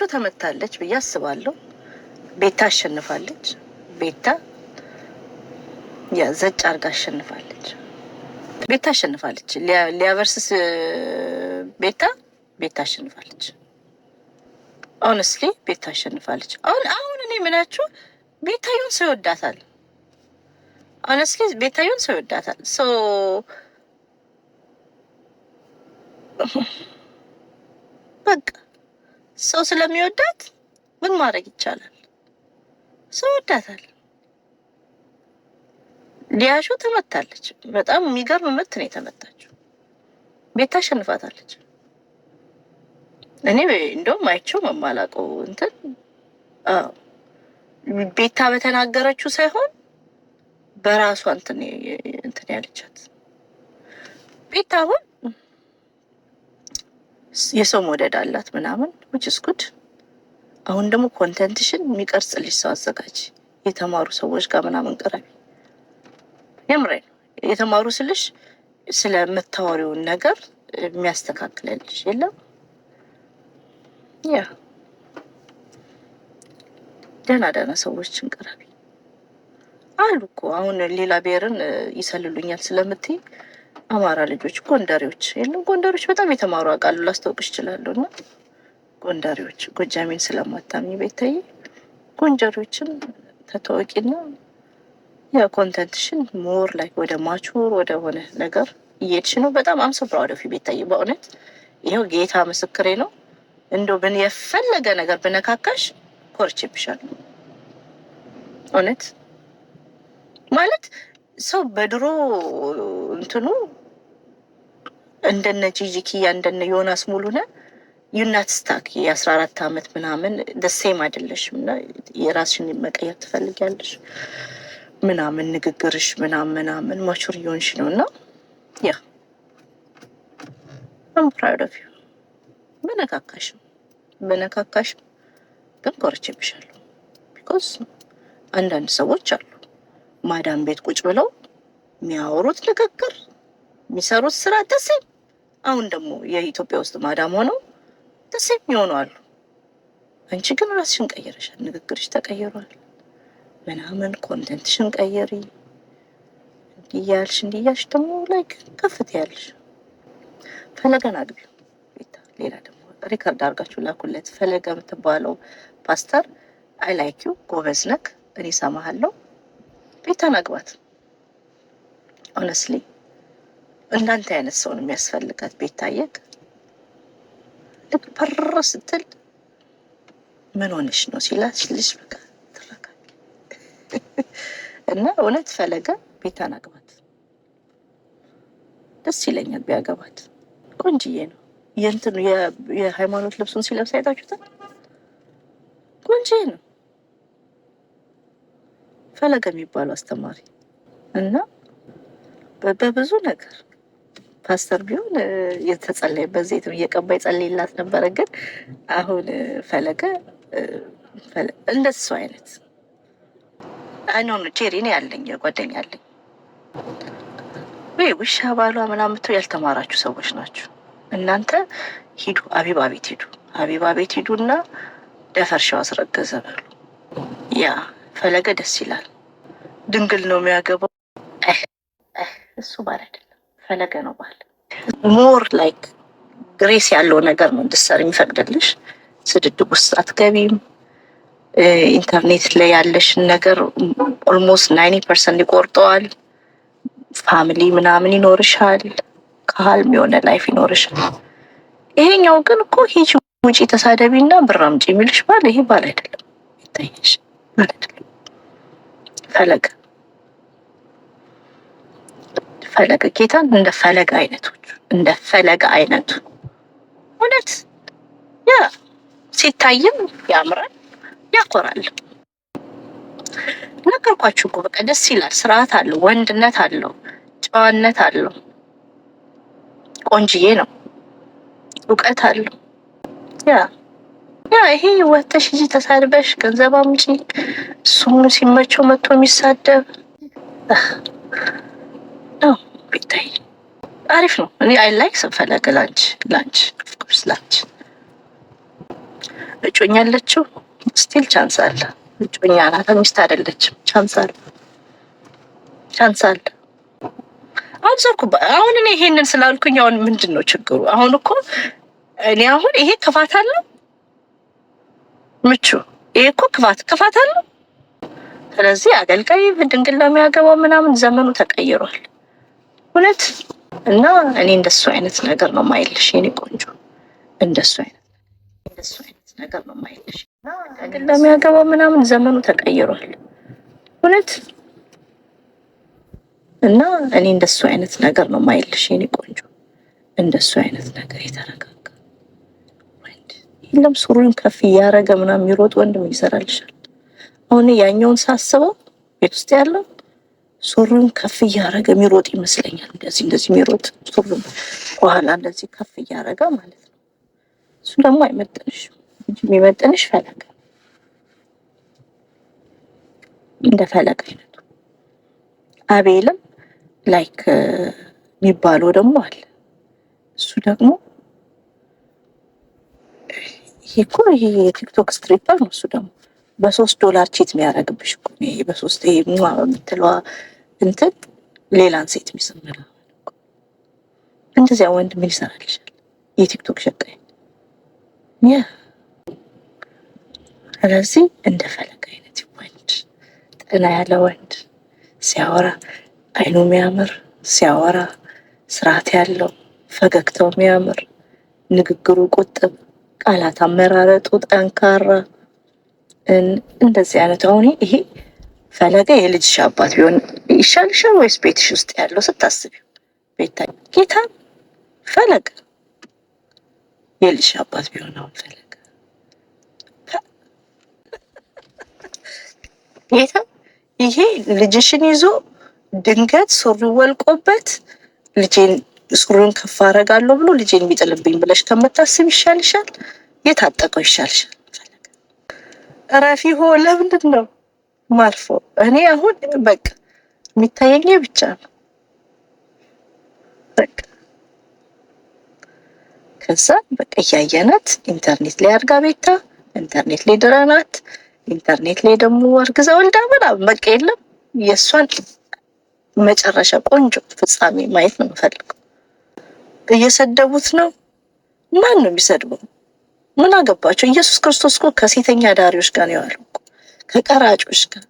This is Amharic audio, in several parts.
ሾ ተመታለች ብዬ አስባለሁ። ቤታ አሸንፋለች። ቤታ ዘጭ አርጋ አሸንፋለች። ቤታ አሸንፋለች። ሊያቨርስስ ቤታ ቤታ አሸንፋለች። ኦነስትሊ ቤታ አሸንፋለች። አሁን አሁን እኔ ምናችሁ ቤታዩን ሰው ይወዳታል። ኦነስትሊ ቤታዩን ሰው ይወዳታል። ሶ በቃ ሰው ስለሚወዳት ምን ማድረግ ይቻላል? ሰው ወዳታል። ሊያሾ ተመታለች። በጣም የሚገርም ምት ነው የተመታችው። ቤት ታሸንፋታለች። እኔ እንደውም አይቼው የማላውቀው እንትን ቤታ በተናገረችው ሳይሆን በራሷ እንትን ያለቻት ቤታ አሁን የሰው መውደድ አላት ምናምን ውጭ ጉድ። አሁን ደግሞ ኮንተንትሽን ልጅ ሰው አዘጋጅ፣ የተማሩ ሰዎች ጋር ምናምን ቅረቢ። የምሬ ነው። የተማሩ ስልሽ ስለምታወሪውን ነገር የሚያስተካክለልሽ የለም። ያ ደህና ደህና ሰዎችን ቅረቢ አሉ እኮ አሁን ሌላ ብሔርን ይሰልሉኛል ስለምትይ አማራ ልጆች ጎንደሬዎች የለም ጎንደሬዎች በጣም የተማሩ አውቃለሁ ላስታውቅ እችላለሁ። እና ጎንደሬዎች ጎጃሜን ስለማታምኝ ቤታዬ ጎንደሬዎችን ተታወቂና የኮንተንትሽን ሞር ላይ ወደ ማቹር ወደ ሆነ ነገር እየሄድሽ ነው። በጣም አምሶ ፕራውድ ኦፍ ቤታዬ በእውነት ይኸው ጌታ ምስክሬ ነው። እንዶ ብን የፈለገ ነገር ብነካካሽ ኮርቼብሻለሁ። እውነት ማለት ሰው በድሮ እንትኑ እንደነ ጂጂ ኪያ እንደነ ዮናስ ሙሉነ ዩናት ስታክ የአስራ አራት አመት ምናምን ደሴም አይደለሽም እና የራስሽን መቀየር ትፈልጊያለሽ ምናምን ንግግርሽ ምናምን ምናምን ማቹር እየሆንሽ ነው እና ያ ፕራውድ ኦፍ ዩ በነካካሽም በነካካሽም ግን ኮርቼብሻለሁ። ቢኮዝ አንዳንድ ሰዎች አሉ ማዳም ቤት ቁጭ ብለው የሚያወሩት ንግግር የሚሰሩት ስራ ደሴም አሁን ደግሞ የኢትዮጵያ ውስጥ ማዳም ሆነው ደስ የሚሆኑ አሉ። አንቺ ግን ራስሽን ቀይረሻል፣ ንግግርሽ ተቀይሯል ምናምን ኮንተንትሽን ቀየሪ እንዲያልሽ እንዲያልሽ ደግሞ ላይክ ከፍት ያልሽ ፈለገን አግቢው ቤታ። ሌላ ደግሞ ሪከርድ አድርጋችሁ ላኩለት። ፈለገ የምትባለው ፓስተር አይ ላይክ ዩ ጎበዝ ነክ እኔ ሰማሃለው። ቤታን አግባት ኦነስሊ እናንተ አይነት ሰው ነው የሚያስፈልጋት። ቤታየቅ ልክ ፐር ስትል ምን ሆነሽ ነው ሲላት ልጅ በቃ ትረካ እና እውነት ፈለገ ቤታን አግባት። ደስ ይለኛል ቢያገባት። ቆንጅዬ ነው። የእንትኑ የሃይማኖት ልብሱን ሲለብስ አይታችሁታል። ቆንጅዬ ነው ፈለገ የሚባለው አስተማሪ እና በብዙ ነገር ፓስተር ቢሆን የተጸለይበት ዘይት እየቀባ የጸለይላት ነበረ። ግን አሁን ፈለገ እንደሱ አይነት አይኖ ጄሪ ነው ያለኝ ጓደኛ ያለኝ ወይ ውሻ ባሏ ምናምን ያልተማራችሁ ሰዎች ናችሁ እናንተ። ሂዱ አቢባ ቤት ሂዱ አቢባ ቤት ሂዱና ደፈርሻው አስረገዘ በሉ። ያ ፈለገ ደስ ይላል። ድንግል ነው የሚያገባው። እሱ ባል ፈለገ ነው ባል ሞር ላይክ ግሬስ ያለው ነገር ነው እንድትሰሪ የሚፈቅድልሽ። ስድድብ ውስጥ አትገቢም። ኢንተርኔት ላይ ያለሽን ነገር ኦልሞስት ናይኒ ፐርሰንት ይቆርጠዋል። ፋሚሊ ምናምን ይኖርሻል። ካልም የሆነ ላይፍ ይኖርሻል። ይሄኛው ግን እኮ ሂጂ ውጪ ተሳደቢ እና ብር አምጪ የሚልሽ ባል ይሄ ባል አይደለም። ይታየሽ ባል አይደለም ፈለገ ፈለገ ጌታን እንደ ፈለገ አይነቶች እንደ ፈለገ አይነቱ እውነት ያ ሲታይም ያምራል ያኮራል። ነገርኳችሁ እኮ በቃ ደስ ይላል። ስርዓት አለው፣ ወንድነት አለው፣ ጨዋነት አለው፣ ቆንጅዬ ነው፣ እውቀት አለው። ያ ያ ይሄ ወተሽ እዚህ ተሳድበሽ ገንዘብ አምጪ እሱ ሲመቸው መጥቶ የሚሳደብ ቢታይ አሪፍ ነው። እኔ አይ ላይክ ስንፈለገ ላንች ላንች ኦፍኮርስ ላንች እጮኛ አለችው። ስቲል ቻንስ አለ። እጮኛ ናት፣ ሚስት አይደለችም። ቻንስ አለ፣ ቻንስ አለ። አብዛኩ አሁን እኔ ይሄንን ስላልኩኝ አሁን ምንድን ነው ችግሩ? አሁን እኮ እኔ አሁን ይሄ ክፋት አለው ምቹ ይሄ እኮ ክፋት ክፋት አለው። ስለዚህ አገልጋይ ድንግል ለሚያገባው ምናምን ዘመኑ ተቀይሯል። እውነት እና እኔ እንደሱ አይነት ነገር ነው ማይልሽ የኔ ቆንጆ፣ እንደሱ አይነት እንደሱ አይነት ነገር ነው ማይልሽ። ግን ለሚያገባው ምናምን ዘመኑ ተቀይሯል እውነት እና እኔ እንደሱ አይነት ነገር ነው ማይልሽ የኔ ቆንጆ፣ እንደሱ አይነት ነገር የተረጋጋ ወንድ የለም። ስሩን ከፍ እያደረገ ምናምን የሚሮጥ ወንድም ይሰራልሻል? አሁን ያኛውን ሳስበው ቤት ውስጥ ያለው ሱሪውን ከፍ እያደረገ የሚሮጥ ይመስለኛል። እንደዚህ እንደዚህ የሚሮጥ ሱሪውን በኋላ እንደዚህ ከፍ እያደረገ ማለት ነው። እሱ ደግሞ አይመጥንሽም የሚመጠንሽ ፈለገ እንደ ፈለገ አይነቱ አቤልም ላይክ የሚባለው ደግሞ አለ። እሱ ደግሞ ይሄ እኮ ይሄ የቲክቶክ ስትሪፐር ነው። እሱ ደግሞ በሶስት ዶላር ቺት የሚያደርግብሽ በሶስት የምትለዋ እንትን ሌላን ሴት የሚሰምረ እንደዚያ ወንድ ምን ይሰራልሻል? የቲክቶክ ሸቃይ ያ ስለዚህ እንደ ፈለግ አይነት ወንድ ጠና ያለ ወንድ ሲያወራ አይኑ የሚያምር ሲያወራ ስርዓት ያለው ፈገግታው የሚያምር ንግግሩ ቁጥብ፣ ቃላት አመራረጡ ጠንካራ እንደዚህ አይነት አሁን ይሄ ፈለገ የልጅሽ አባት ቢሆን ይሻልሻል ወይስ ቤትሽ ውስጥ ያለው ስታስቢው? ቤታ ጌታ ፈለገ የልጅሽ አባት ቢሆን አሁን ፈለገ ጌታ ይሄ ልጅሽን ይዞ ድንገት ሱሪ ወልቆበት ልጄን ሱሪውን ከፍ አደርጋለሁ ብሎ ልጄን የሚጥልብኝ ብለሽ ከምታስብ ይሻልሻል፣ የታጠቀው ይሻልሻል። ረፊሆ ሆ ለምንድን ነው ማልፎ? እኔ አሁን በቃ የሚታየኝ ብቻ ነው። በቃ ከዛ በቃ እያየናት ኢንተርኔት ላይ አርጋ ቤታ ኢንተርኔት ላይ ድረናት ኢንተርኔት ላይ ደግሞ አርግዛ ወልዳ ምናምን በቃ የለም የእሷን መጨረሻ ቆንጆ ፍጻሜ ማየት ነው የምፈልገው። እየሰደቡት ነው። ማን ነው የሚሰድበው? ምን አገባቸው? ኢየሱስ ክርስቶስ እኮ ከሴተኛ ዳሪዎች ጋር ነው የዋለው፣ ከቀራጮች ጋር፣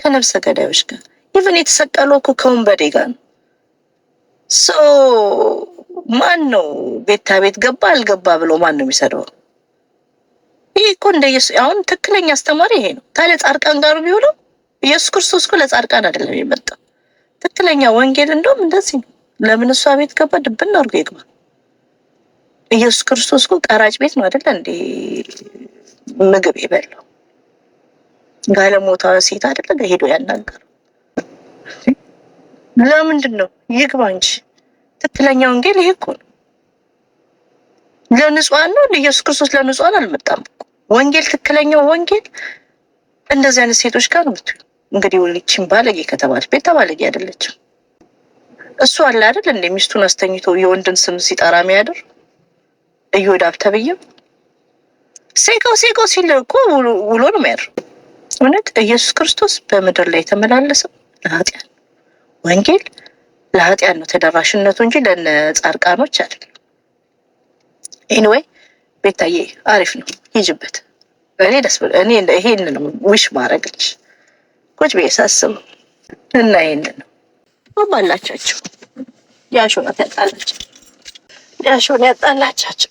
ከነብሰ ገዳዮች ጋር ኢቨን የተሰቀለው እኮ ከወንበዴ ጋር ነው። ሶ ማን ነው ቤታ ቤት ገባ አልገባ ብሎ ማን ነው የሚሰደው? ይህ እኮ እንደ አሁን ትክክለኛ አስተማሪ ይሄ ነው። ታዲያ ጻድቃን ጋር የሚውለው ኢየሱስ ክርስቶስ እኮ ለጻድቃን አይደለም የመጣው። ትክክለኛ ወንጌል እንደውም እንደዚህ ነው። ለምን እሷ ቤት ገባ? ድብን አድርጎ ይግባ። ኢየሱስ ክርስቶስ ግን ቀራጭ ቤት ነው አይደለ እንዴ ምግብ የበላው ጋለሞታ ሴት አይደለ ሄዶ ያናገረው? ለምንድን ነው ይግባ እንጂ ትክክለኛ ወንጌል ይሄ እኮ ነው። ለንጹሐን ነው ኢየሱስ ክርስቶስ ለንጹሐን አልመጣም ወንጌል፣ ትክክለኛው ወንጌል እንደዚህ አይነት ሴቶች ጋር ነው የምትውል። እንግዲህ ወልችን ባለጌ ከተባለች ቤት ተባለጌ አይደለችም። እሱ አለ አይደል እንደ ሚስቱን አስተኝቶ የወንድን ስም ሲጠራ የሚያድር እዮዳብ ተብዬው ሴቀው ሴቀው ሲል እኮ ውሎ ነው የሚያር። እውነት ኢየሱስ ክርስቶስ በምድር ላይ የተመላለሰው ለኃጢያን ወንጌል ለኃጢያን ነው ተደራሽነቱ እንጂ ለነጻድቃኖች አይደለም። ኤኒዌይ ቤታዬ አሪፍ ነው፣ ይጅበት። እኔ ደስ ብሎ እኔ ነው ዊሽ ማድረግልሽ ቁጭ ብዬ ሳስብ እና ይሄን ነው ባባላቻቸው ያሾና ያጣላቸው ያሾና ያጣላቻቸው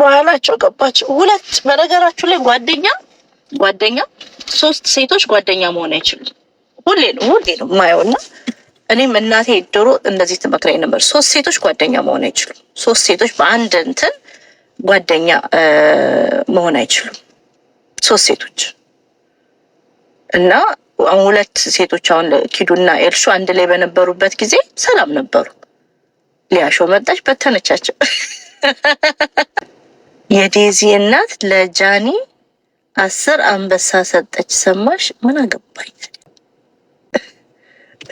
በኋላቸው ገባች። ሁለት በነገራችሁ ላይ ጓደኛ ጓደኛ ሶስት ሴቶች ጓደኛ መሆን አይችሉም። ሁሌ ነው ሁሌ ነው የማየው እና እኔም እናቴ ድሮ እንደዚህ ትመክረኝ ነበር። ሶስት ሴቶች ጓደኛ መሆን አይችሉም። ሶስት ሴቶች በአንድ እንትን ጓደኛ መሆን አይችሉም። ሶስት ሴቶች እና አሁን ሁለት ሴቶች አሁን ኪዱና ኤልሹ አንድ ላይ በነበሩበት ጊዜ ሰላም ነበሩ። ሊያሾ መጣች፣ በተነቻቸው። የዴዚ እናት ለጃኒ አስር አንበሳ ሰጠች። ሰማሽ? ምን አገባኝ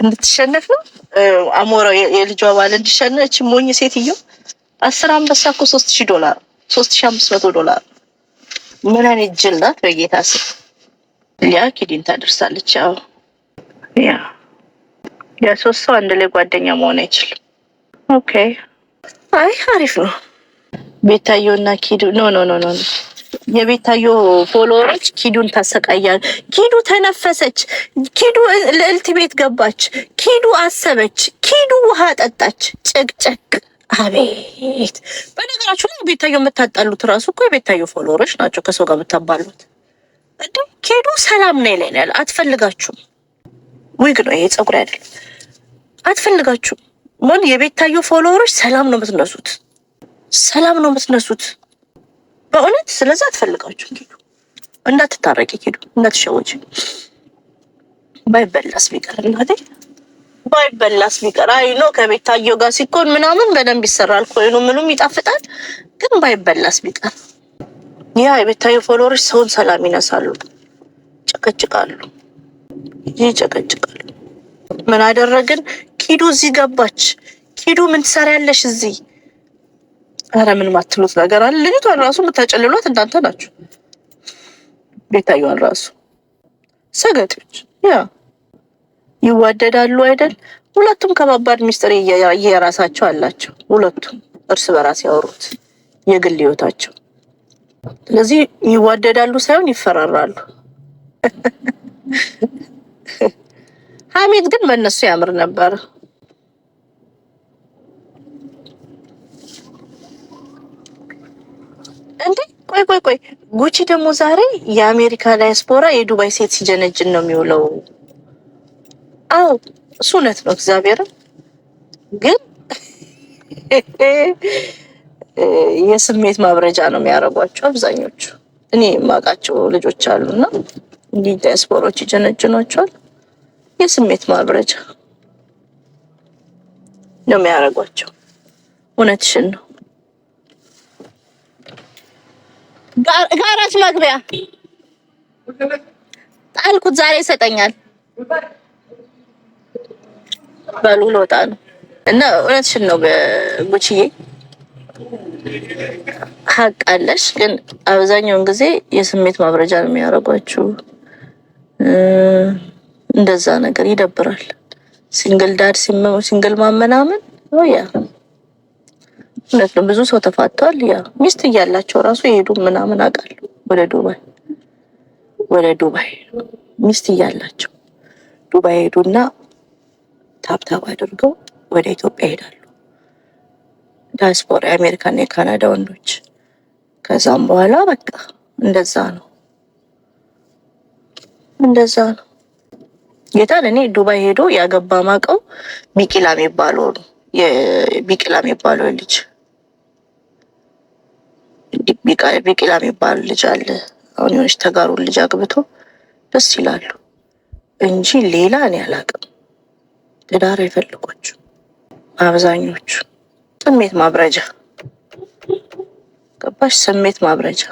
እንድትሸነፍ ነው አሞራው የልጇ ባል እንድሸነች ሞኝ ሴትዮ። አስር አንበሳ እኮ ሶስት ሺህ ዶላር ሶስት አምስት መቶ ዶላር ምን አይነት ጅል በጌታ ሊያ ኪዲን ታደርሳለች። ያው ያ ያ ሰው አንድ ላይ ጓደኛ መሆን አይችልም። ኦኬ አይ አሪፍ ነው። እና ኪዱ ኖ ኖ ኖ ኖ የቤታዮ ፎሎወሮች ኪዱን ታሰቃያል። ኪዱ ተነፈሰች፣ ኪዱ ልዕልት ቤት ገባች፣ ኪዱ አሰበች፣ ኪዱ ውሃ ጠጣች። ጭቅጭቅ አቤት! በነገራችሁ ላይ ቤታዮ የምታጣሉት ራሱ እኮ የቤታዮ ፎሎወሮች ናቸው። ከሰው ጋር የምታባሉት እንደ ኪዱ ሰላም ነው ይለኛል። አትፈልጋችሁም። ዊግ ነው ይሄ ፀጉር አይደለም። አትፈልጋችሁም ምን የቤታዮ ፎሎወሮች ሰላም ነው የምትነሱት። ሰላም ነው የምትነሱት። በእውነት ስለዛ አትፈልጋችሁ ሄዱ፣ እንዳትታረቂ ሄዱ፣ እንዳትሸወች። ባይበላስ ቢቀር እናቴ ባይበላስ ቢቀር አይ ነው ከቤት ታየው ጋር ሲኮን ምናምን በደንብ ይሰራል ነው ምንም ይጣፍጣል። ግን ባይበላስ ቢቀር ያ የቤታዩ ፎሎወሮች ሰውን ሰላም ይነሳሉ፣ ጨቀጭቃሉ፣ ይጨቀጭቃሉ። ምን አደረግን? ኪዱ እዚህ ገባች። ኪዱ ምን ትሰሪያለሽ እዚህ ኧረ ምን ማትሉት ነገር አለ። ልጅቷን ራሱ የምታጨልሏት እናንተ ናችሁ። ቤታየዋን ራሱ ሰገጤዎች ያ ይዋደዳሉ አይደል? ሁለቱም ከባባድ ሚስጥር የራሳቸው አላቸው። ሁለቱም እርስ በራስ ያወሩት የግል ህይወታቸው። ስለዚህ ይዋደዳሉ ሳይሆን ይፈራራሉ። ሀሜት ግን በእነሱ ያምር ነበር። ቆይ ቆይ ቆይ ጉቺ ደግሞ ዛሬ የአሜሪካ ዳያስፖራ የዱባይ ሴት ሲጀነጅን ነው የሚውለው። አዎ እሱ እውነት ነው። እግዚአብሔርም ግን የስሜት ማብረጃ ነው የሚያደርጓቸው አብዛኞቹ። እኔ የማውቃቸው ልጆች አሉና እንዲህ ዳያስፖሮች ይጀነጅኗቸዋል። የስሜት ማብረጃ ነው የሚያደርጓቸው። እውነትሽን ነው። ጋራጅ መግቢያ ጣልኩት። ዛሬ ይሰጠኛል። በሉ ልወጣ ነው እና እውነትሽን ነው ጉቺዬ፣ ሀቅ አለሽ። ግን አብዛኛውን ጊዜ የስሜት ማብረጃ ነው የሚያደርጓችሁ። እንደዛ ነገር ይደብራል። ሲንግል ዳድ ሲንግል ማመናምን ያ እውነት ነው። ብዙ ሰው ተፋቷል። ያ ሚስት እያላቸው ራሱ የሄዱ ምናምን አውቃለሁ ወደ ዱባይ ወደ ዱባይ ሚስት እያላቸው ዱባይ ሄዱና ታብታብ አድርገው ወደ ኢትዮጵያ ይሄዳሉ። ዳያስፖራ የአሜሪካና የካናዳ ወንዶች። ከዛም በኋላ በቃ እንደዛ ነው እንደዛ ነው። ጌታን እኔ ዱባይ ሄዶ ያገባ ማቀው ቢቂላ የሚባለው ነው ቢቂላ የሚባለው ልጅ ቢቂላ የሚባል ልጅ አለ። አሁን የሆነች ተጋሩን ልጅ አግብቶ ደስ ይላሉ እንጂ ሌላ እኔ አላቅም። ትዳር አይፈልጓችሁ አብዛኞቹ። ስሜት ማብረጃ ገባሽ? ስሜት ማብረጃ።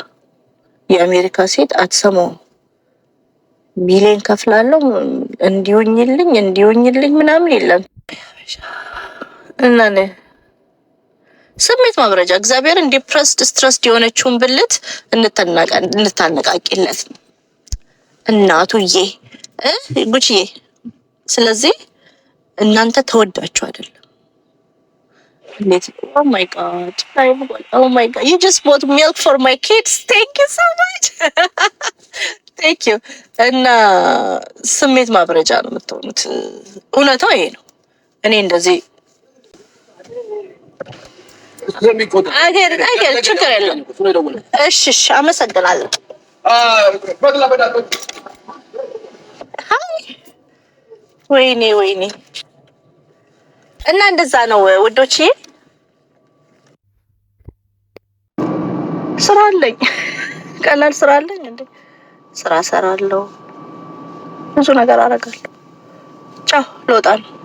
የአሜሪካ ሴት አትሰማውም። ቢሌን ከፍላለሁ እንዲሆኝልኝ እንዲሆኝልኝ ምናምን የለም እና ስሜት ማብረጃ እግዚአብሔር እንዲፕረስድ ስትረስድ የሆነችውን ብልት እንታነቃቂለት ነው እናቱዬ ጉችዬ። ስለዚህ እናንተ ተወዳችሁ አይደለም። ቦት ሚልክ ፎር ማይ ኪድስ ቴንክ ዩ ሶ ማች ቴንክ ዩ። እና ስሜት ማብረጃ ነው የምትሆኑት። እውነታው ይሄ ነው። እኔ እንደዚህ ችግር የለም። እሺ እሺ፣ አመሰግናለሁ። ወይኔ ወይኔ። እና እንደዛ ነው ውዶች፣ ስራ አለኝ፣ ቀላል ስራ አለኝ። ስራ ሰራለሁ፣ ብዙ ነገር አደርጋለሁ። ጫው ልወጣ ነው።